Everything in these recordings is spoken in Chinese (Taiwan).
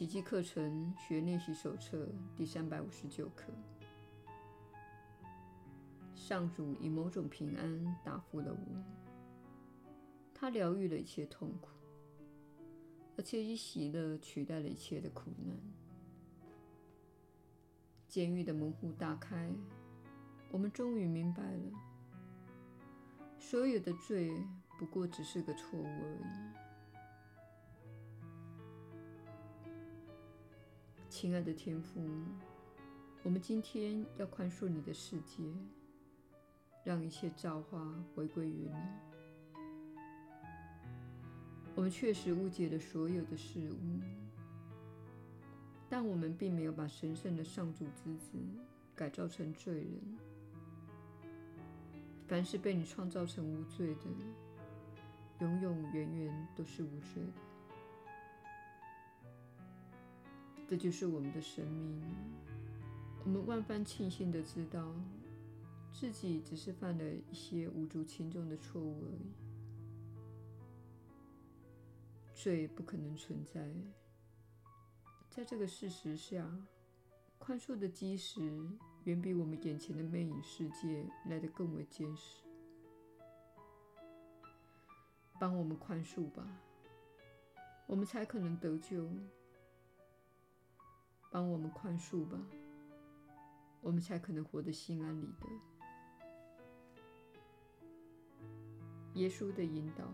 奇蹟課程學員練習手冊第三百五十九課：上主以某種平安答復了我，他療癒了一切痛苦，而且以喜樂取代了一切的苦難。監獄的門戶大開，我們終於明白了，所有的罪不過只是個錯誤而已。親愛的天父，我們今天要寬恕你的世界，讓一切造化回歸於你。我們確實誤解了所有的事物，但我們並沒有把神聖的上主之子改造成罪人。凡是被你創造成無罪的，永永遠遠都是無罪的。這就是我們的生命，我們萬般慶幸的知道自己只是犯了一些無足輕重的錯誤而已，罪不可能存在。在這個事實下，寬恕的基石遠比我們眼前的魅影世界來得更為堅實。幫我們寬恕吧，我們才可能得救。幫我們寬恕吧，我們才可能活得心安理得。耶穌的引導，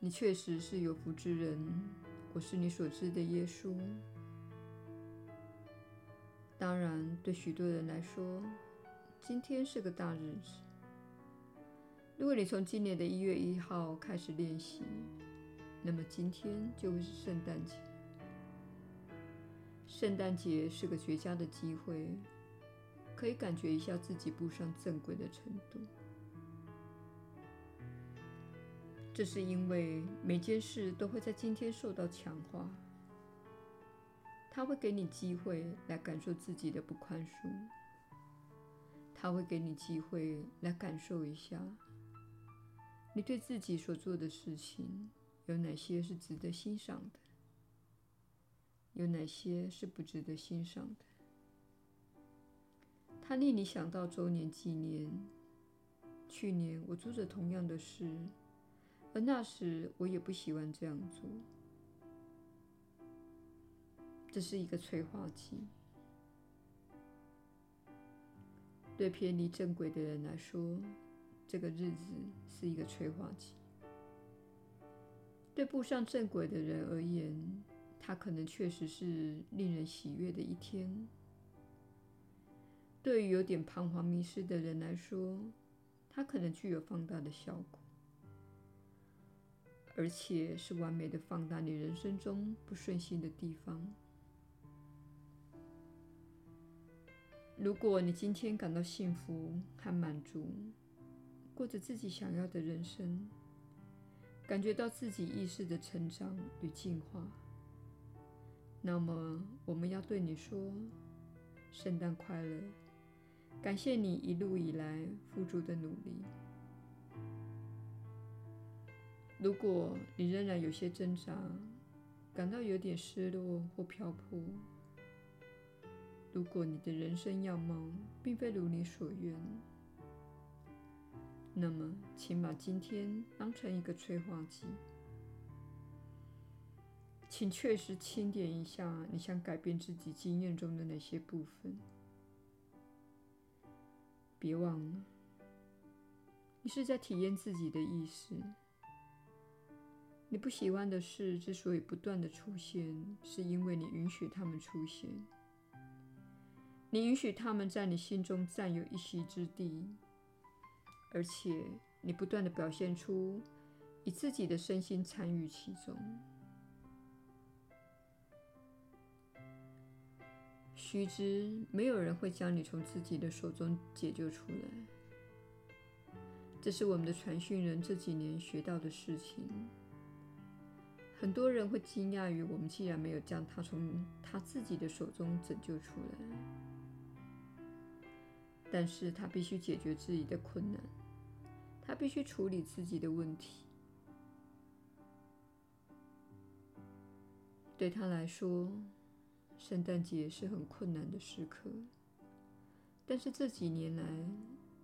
你確實是有福之人。我是你所知的耶穌。當然，對許多人來說，今天是個大日子。如果你從今年的一月一號開始練習。那麼今天就會是聖誕節。聖誕節是個絕佳的機會，可以感覺一下自己步上正軌的程度。這是因為每件事都會在今天受到強化。它會給你機會來感受自己的不寬恕。它會給你機會來感受一下你對自己所做的事情，有哪些是值得欣賞的？有哪些是不值得欣賞的？它令你想到周年紀念。去年我做着同樣的事，而那時我也不喜歡這樣做。這是一個催化劑。對偏離正軌的人來說，這個日子是一個催化劑。對步上正軌的人而言，它可能確實是令人喜悅的一天。對於有點彷徨迷失的人來說，它可能具有放大的效果，而且是完美的放大你人生中不順心的地方。如果你今天感到幸福和滿足，過着自己想要的人生，感覺到自己意識的成長與進化，那麼我們要對你說：聖誕快樂！感謝你一路以來付出的努力。如果你仍然有些掙扎，感到有點失落或漂泊，如果你的人生樣貌並非如你所願，那麼，請把今天當成一個催化劑，請確實清點一下你想改變自己經驗中的哪些部分。別忘了，你是在體驗自己的意識。你不喜歡的事之所以不斷的出現，是因為你允許他們出現，你允許他們在你心中佔有一席之地。而且，你不斷地表現出以自己的身心參與其中。須知，沒有人會將你從自己的手中解救出來。這是我們的傳訊人這幾年學到的事情。很多人會驚訝於我們既然沒有將他從他自己的手中拯救出來，但是他必須解決自己的困難。他必須處理自己的問題。對他來說，聖誕節是很困難的時刻。但是這幾年來，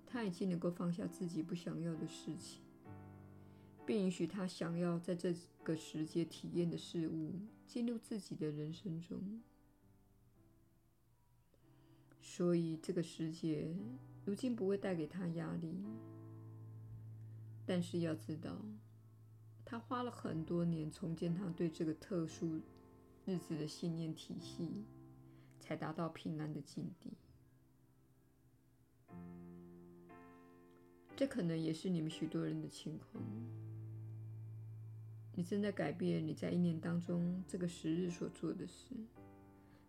他已經能夠放下自己不想要的事情，並允許他想要在這個時節體驗的事物進入自己的人生中。所以，這個時節如今不會帶給他壓力。但是要知道，他花了很多年重建他對這個特殊日子的信念體系，才達到平安的境地。這可能也是你們許多人的情況。你正在改變你在一年當中這個時日所做的事，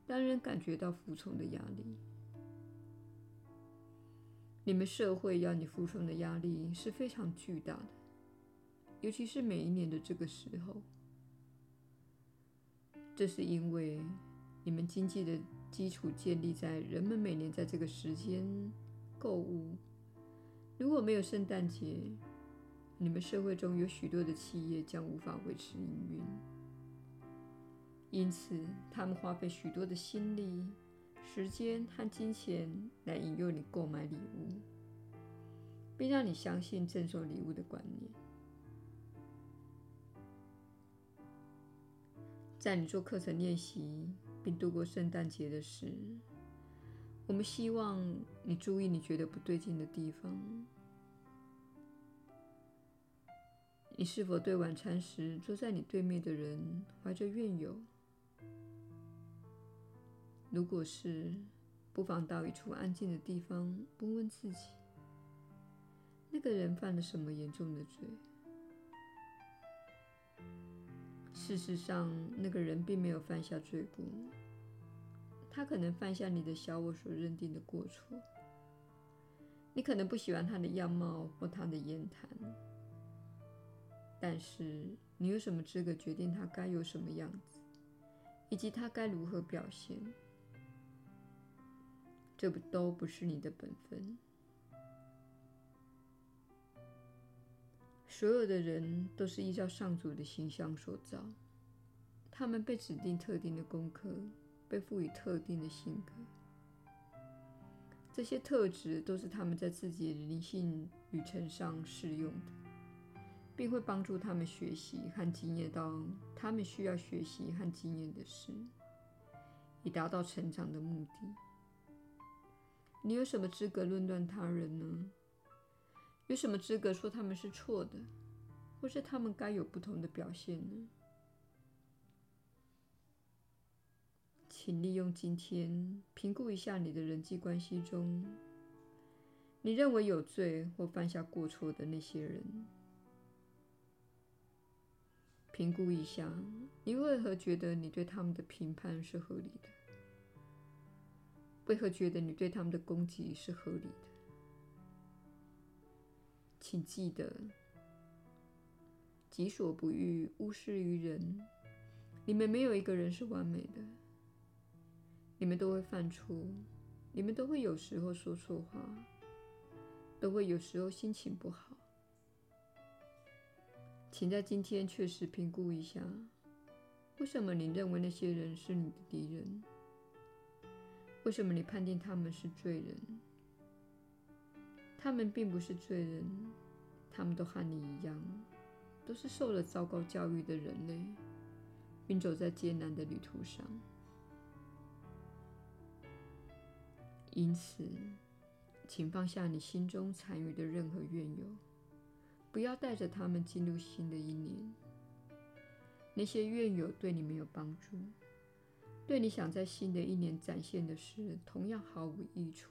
當然感覺到服從的壓力。你們社會要你服從的壓力是非常巨大的，尤其是每一年的這個時候。這是因為你們經濟的基礎建立在人們每年在這個時間購物。如果沒有聖誕節，你們社會中有許多的企業將無法維持營運，因此他們花費許多的心力、時間和金錢來引誘你購買禮物，並讓你相信贈送禮物的觀念。在你做課程練習並度過聖誕節的時候，我們希望你注意你覺得不對勁的地方。你是否對晚餐時坐在你對面的人懷着怨尤？如果是，不妨到一處安靜的地方，問問自己：那個人犯了什麼嚴重的罪？事實上，那個人並沒有犯下罪過。他可能犯下你的小我所認定的過錯。你可能不喜歡他的樣貌或他的言談，但是你有什麼資格決定他該有什麼樣子，以及他該如何表現？這不都不是你的本分。所有的人都是依照上主的形象所造，他們被指定特定的功課，被賦予特定的性格。這些特質都是他們在自己的靈性旅程上適用的，並會幫助他們學習和經驗到他們需要學習和經驗的事，以達到成長的目的。你有什麼資格論斷他人呢？有什麼資格說他們是錯的，或是他們該有不同的表現呢？請利用今天評估一下你的人際關係中，你認為有罪或犯下過錯的那些人。評估一下，你為何覺得你對他們的評判是合理的？為何覺得你對他們的攻擊是合理的？請記得，己所不欲，勿施於人。你們沒有一個人是完美的，你們都會犯錯，你們都會有時候說錯話，都會有時候心情不好。請在今天確實評估一下，為什麼你認為那些人是你的敵人？為什麼你判定他們是罪人？他們並不是罪人，他們都和你一樣，都是受了糟糕教育的人類，並走在艱難的旅途上。因此，請放下你心中殘餘的任何怨尤，不要帶着他們進入新的一年。那些怨尤對你沒有幫助。對你想在新的一年展現的事，同樣毫無益處。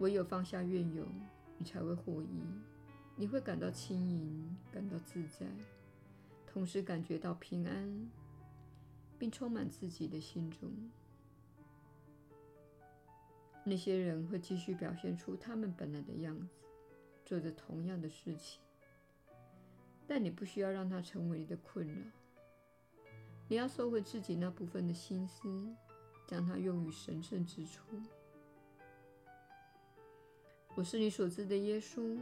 唯有放下怨尤，你才會獲益。你會感到輕盈，感到自在，同時感覺到平安，並充滿自己的心中。那些人會繼續表現出他們本來的樣子，做着同樣的事情，但你不需要讓他成為你的困擾。你要收回自己那部分的心思，將它用於神聖之處。我是你所知的耶穌，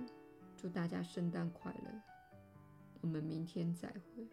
祝大家聖誕快樂。我們明天再會。